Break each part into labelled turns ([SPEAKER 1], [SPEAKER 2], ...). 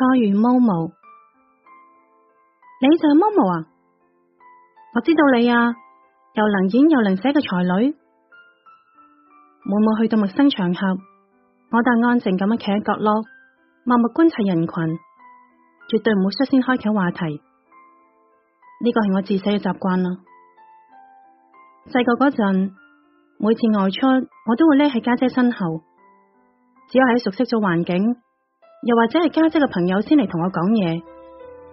[SPEAKER 1] 初遇毛毛，你就係毛毛啊！我知道你啊，又能演又能寫嘅才女。每每去到陌生場合，我就安靜咁樣企喺角落，默默觀察人群，絕對唔會率先開啟話題。呢個係我自細嘅習慣啦。細個嗰陣，每次外出，我都會匿喺家姐身後，只有喺熟悉咗環境。又或者係家姐嘅朋友先嚟同我講嘢，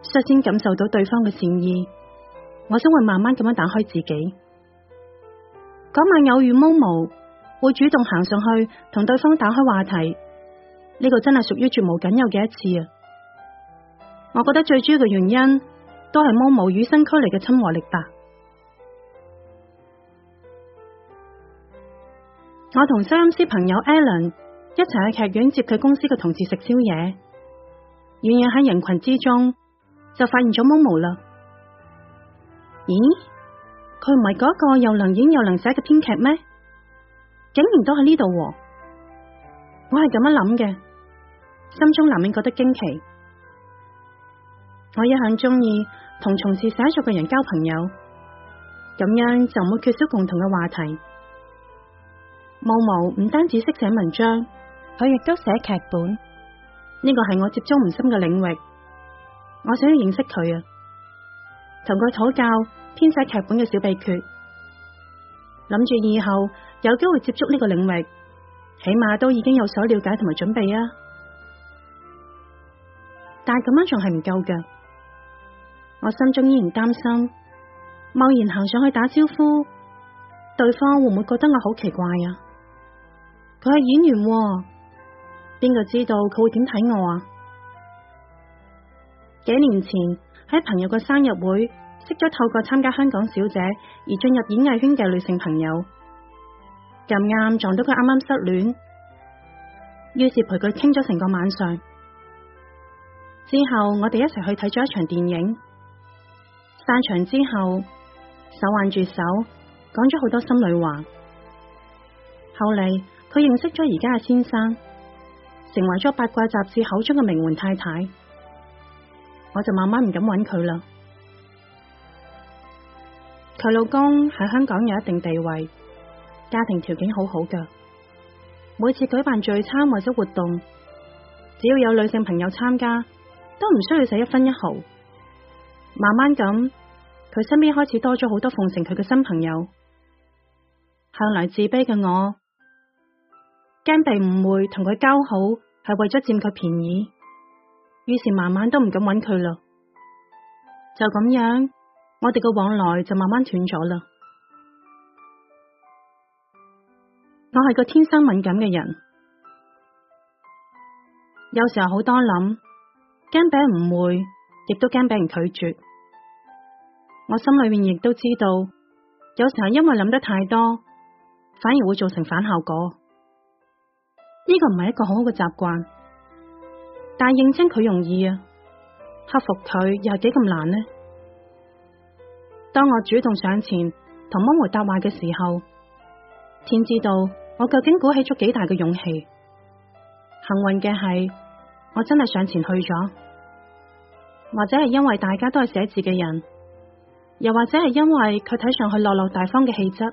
[SPEAKER 1] 率先感受到對方嘅善意，我先會慢慢咁樣打開自己。嗰晚偶遇 MOMO，會主動行上去同對方打開話題，呢個真係屬於絕無僅有嘅一次啊！我覺得最主要嘅原因都係 MOMO 與生俱來嘅親和力吧。我同收音師朋友 Alan 一齊去劇院接佢公司嘅同事食宵夜，遠遠喺人群之中就發現咗毛毛啦。咦，佢唔係嗰個又能演又能寫嘅編劇咩？竟然都喺呢度喎，我係咁樣諗嘅，心中難免覺得驚奇。我一向鍾意同從事寫作嘅人交朋友，咁樣就冇缺少共同嘅話題。毛毛唔單止識寫文章。佢亦都寫劇本，呢個係我接觸唔深嘅領域，我想要認識佢啊，同佢討教編寫劇本嘅小秘訣，諗住以後有機會接觸呢個領域，起碼都已經有所了解同埋準備啊。但係咁樣仲係唔夠嘅，我心中依然擔心，貿然行上去打招呼，對方會唔會覺得我好奇怪啊？佢係演員。邊個知道佢會點睇我啊？幾年前喺朋友個生日會識咗透過參加香港小姐而進入演藝圈嘅女性朋友，咁啱撞到佢啱啱失戀，於是陪佢傾咗成個晚上。之後我哋一齊去睇咗一場電影，散場之後手挽住手講咗好多心裏話。後嚟佢認識咗而家嘅先生。成為咗八卦雜誌口中嘅名媛太太，我就慢慢唔敢揾佢啦。佢老公喺香港有一定地位，家庭條件好好㗎。每次舉辦聚餐或者活動，只要有女性朋友參加，都唔需要使一分一毫。慢慢咁，佢身邊開始多咗好多奉承佢嘅新朋友。向來自卑嘅我，驚被誤會同佢交好。係為咗佔佢便宜，於是慢慢都唔敢揾佢咯。就咁樣，我哋嘅往來就慢慢斷咗啦。我係個天生敏感嘅人，有時候好多諗，驚俾人誤會，亦都驚俾人拒絕。我心裏面亦都知道，有時候因為諗得太多，反而會造成反效果。呢個唔係一個好好嘅習慣，但係認清佢容易啊，克服佢又係幾咁難呢？當我主動上前同汪梅搭話嘅時候，天知道我究竟鼓起咗幾大嘅勇氣。幸運嘅係，我真係上前去咗，或者係因為大家都係寫字嘅人，又或者係因為佢睇上去落落大方嘅氣質。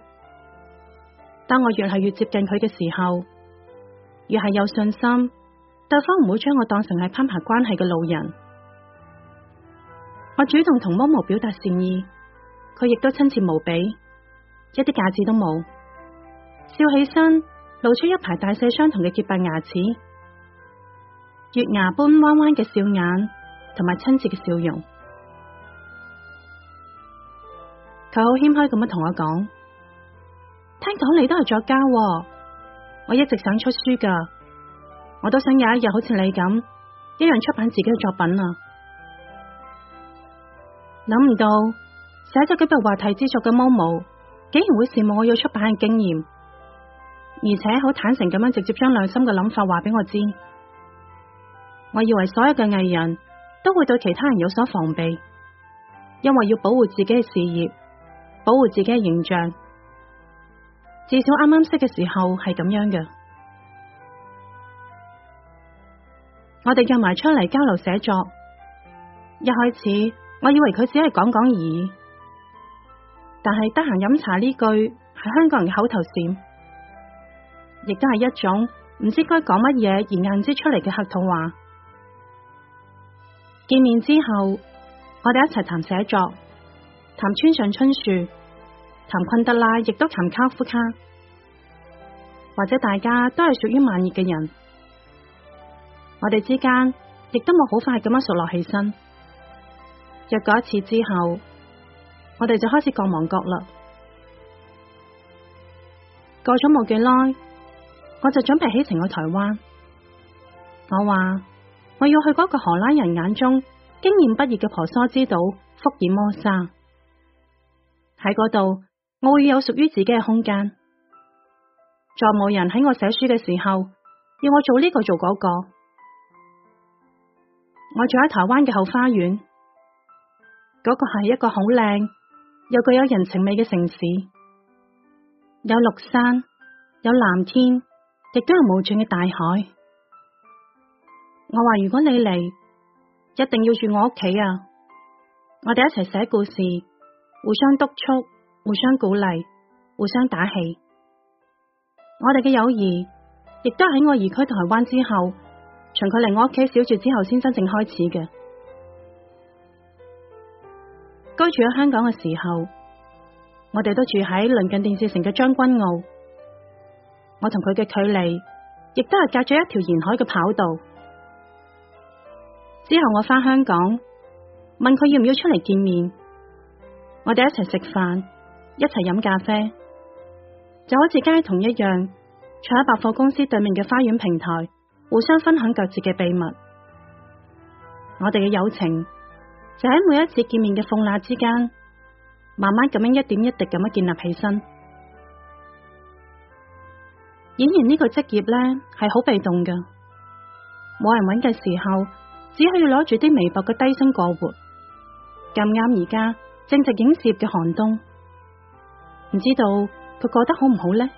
[SPEAKER 1] 當我越嚟越接近佢嘅時候。越係有信心，對方唔會將我當成係攀爬關係嘅路人。我主動同 MOMO 表達善意，佢亦都親切無比，一啲架子都冇，笑起身，露出一排大細相同嘅潔白牙齒，月牙般彎彎嘅笑眼，同埋親切嘅笑容。佢好謙虛咁樣同我講，聽講你都係作家啊？我一直想出書噶，我都想有一日好似你咁，一樣出版自己嘅作品啊！諗唔到寫咗幾部話題之作嘅 MOMO，竟然會羨慕我有出版嘅經驗，而且好坦誠咁樣直接將內心嘅諗法話俾我知。我以為所有嘅藝人都會對其他人有所防備，因為要保護自己嘅事業，保護自己嘅形象。至少啱啱識嘅時候係咁樣嘅，我哋約埋出嚟交流寫作。一開始我以為佢只係講講而已，但係得閒飲茶呢句係香港人嘅口頭禪，亦都係一種唔知該講乜嘢而硬接出嚟嘅客套話。見面之後，我哋一齊談寫作，談村上春樹。談昆德拉，亦都談卡夫卡，或者大家都係屬於慢熱嘅人。我哋之間亦都冇好快咁樣熟落起身。約過一次之後，我哋就開始各忙各啦。過咗冇幾耐，我就準備起程去台灣。我話我要去嗰個荷蘭人眼中驚艷不二嘅婆娑之島——福爾摩沙。喺嗰度。我會有屬於自己嘅空間，再冇人喺我寫書嘅時候，要我做呢個做嗰個。我住喺台灣嘅後花園，嗰個係一個好靚又具有人情味嘅城市，有綠山，有藍天，亦都有無盡嘅大海。我話如果你嚟，一定要住我屋企啊！我哋一齊寫故事，互相督促。互相鼓勵，互相打氣。我哋嘅友誼亦都喺我移居台灣之後，從佢嚟我屋企小住之後先真正開始嘅。居住喺香港嘅時候，我哋都住喺鄰近電視城嘅將軍澳。我同佢嘅距離亦都係隔咗一條沿海嘅跑道。之後我返香港，問佢要唔要出嚟見面，我哋一齊食飯。一齊飲咖啡，就好似街童一樣，坐喺百貨公司對面嘅花園平台，互相分享各自嘅秘密。我哋嘅友情就喺每一次見面嘅鳳蠟之間，慢慢咁樣一點一滴咁樣建立起身。演員呢個職業咧係好被動嘅，冇人搵嘅時候，只可以攞住啲微薄嘅低薪過活。咁啱而家正值影視業嘅寒冬。唔知道佢過得好唔好咧？